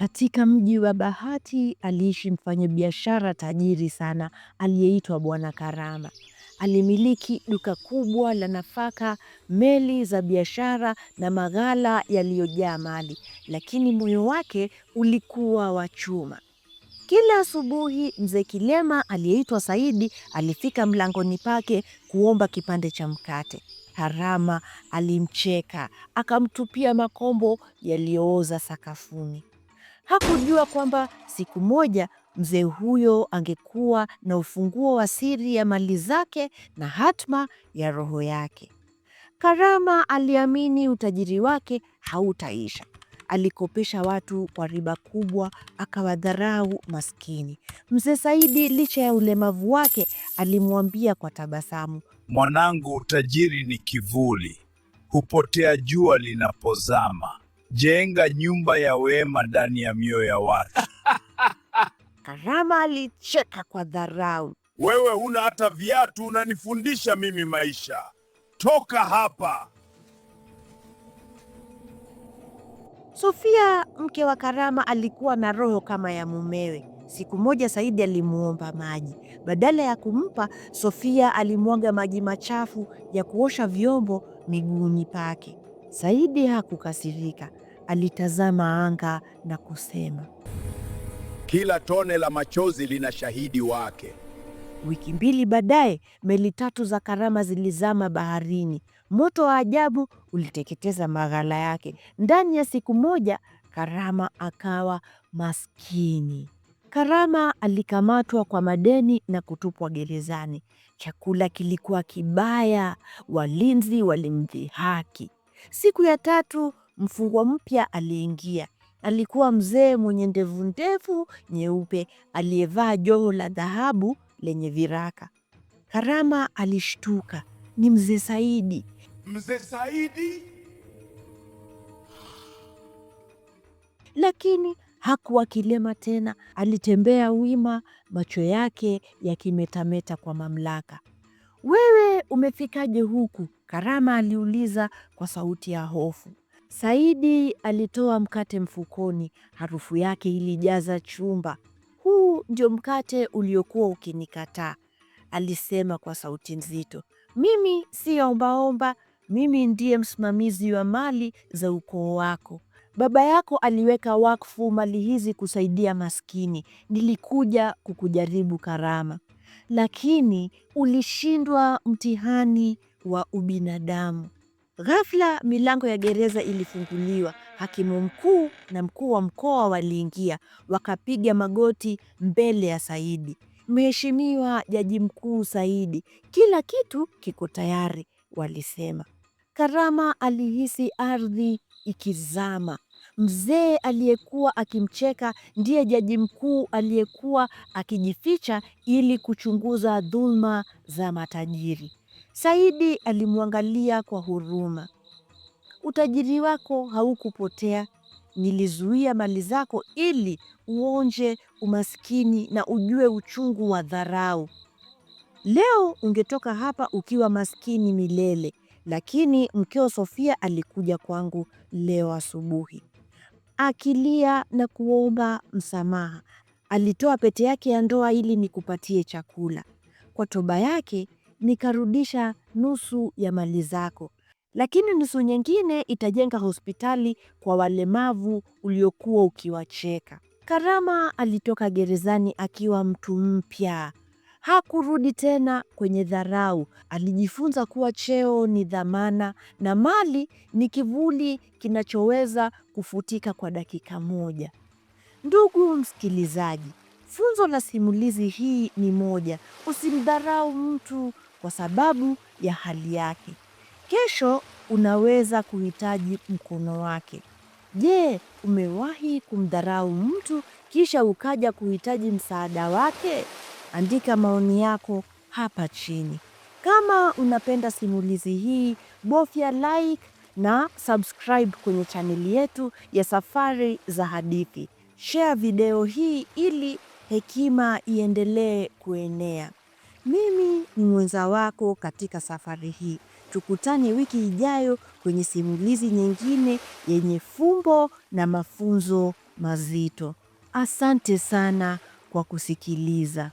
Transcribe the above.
Katika mji wa Bahati aliishi mfanyabiashara tajiri sana aliyeitwa Bwana Karama. Alimiliki duka kubwa la nafaka, meli za biashara na maghala yaliyojaa mali, lakini moyo wake ulikuwa wa chuma. Kila asubuhi mzee Kilema aliyeitwa Saidi alifika mlangoni pake kuomba kipande cha mkate. Karama alimcheka, akamtupia makombo yaliyooza sakafuni. Hakujua kwamba siku moja mzee huyo angekuwa na ufunguo wa siri ya mali zake na hatma ya roho yake. Karama aliamini utajiri wake hautaisha. Alikopesha watu kwa riba kubwa, akawadharau maskini. Mzee Saidi, licha ya ulemavu wake, alimwambia kwa tabasamu, mwanangu, utajiri ni kivuli, hupotea jua linapozama jenga nyumba ya wema ndani ya mioyo ya watu. Karama alicheka kwa dharau. Wewe huna hata viatu, unanifundisha mimi maisha? Toka hapa! Sofia, mke wa Karama, alikuwa na roho kama ya mumewe. Siku moja Saidi alimwomba maji. Badala ya kumpa, Sofia alimwaga maji machafu ya kuosha vyombo miguuni pake. Saidi hakukasirika, alitazama anga na kusema, kila tone la machozi lina shahidi wake. Wiki mbili baadaye, meli tatu za Karama zilizama baharini. Moto wa ajabu uliteketeza maghala yake. Ndani ya siku moja, Karama akawa maskini. Karama alikamatwa kwa madeni na kutupwa gerezani. Chakula kilikuwa kibaya, walinzi walimdhihaki. Siku ya tatu mfungwa mpya aliingia. Alikuwa mzee mwenye ndevu ndefu nyeupe, aliyevaa joho la dhahabu lenye viraka. Karama alishtuka, ni mzee Saidi. Mzee Saidi! Lakini hakuwa kilema tena, alitembea wima, macho yake yakimetameta kwa mamlaka. Wewe umefikaje huku? Karama aliuliza kwa sauti ya hofu. Saidi alitoa mkate mfukoni, harufu yake ilijaza chumba. Huu ndio mkate uliokuwa ukinikataa, alisema kwa sauti nzito. Mimi si ombaomba, mimi ndiye msimamizi wa mali za ukoo wako. Baba yako aliweka wakfu mali hizi kusaidia maskini. Nilikuja kukujaribu Karama lakini ulishindwa mtihani wa ubinadamu. Ghafla milango ya gereza ilifunguliwa. Hakimu mkuu na mkuu wa mkoa waliingia, wakapiga magoti mbele ya Saidi. Mheshimiwa Jaji Mkuu Saidi, kila kitu kiko tayari, walisema. Karama alihisi ardhi ikizama. Mzee aliyekuwa akimcheka ndiye jaji mkuu aliyekuwa akijificha ili kuchunguza dhulma za matajiri. Saidi alimwangalia kwa huruma. Utajiri wako haukupotea, nilizuia mali zako ili uonje umaskini na ujue uchungu wa dharau. Leo ungetoka hapa ukiwa maskini milele, lakini mkeo Sofia alikuja kwangu leo asubuhi akilia na kuomba msamaha. Alitoa pete yake ya ndoa ili nikupatie chakula, kwa toba yake nikarudisha nusu ya mali zako, lakini nusu nyingine itajenga hospitali kwa walemavu uliokuwa ukiwacheka. Karama alitoka gerezani akiwa mtu mpya, Hakurudi tena kwenye dharau. Alijifunza kuwa cheo ni dhamana na mali ni kivuli kinachoweza kufutika kwa dakika moja. Ndugu msikilizaji, funzo la simulizi hii ni moja: usimdharau mtu kwa sababu ya hali yake. Kesho unaweza kuhitaji mkono wake. Je, umewahi kumdharau mtu kisha ukaja kuhitaji msaada wake? Andika maoni yako hapa chini. Kama unapenda simulizi hii, bofya like na subscribe kwenye chaneli yetu ya Safari za Hadithi. Share video hii ili hekima iendelee kuenea. Mimi ni mwenza wako katika safari hii. Tukutane wiki ijayo kwenye simulizi nyingine yenye fumbo na mafunzo mazito. Asante sana kwa kusikiliza.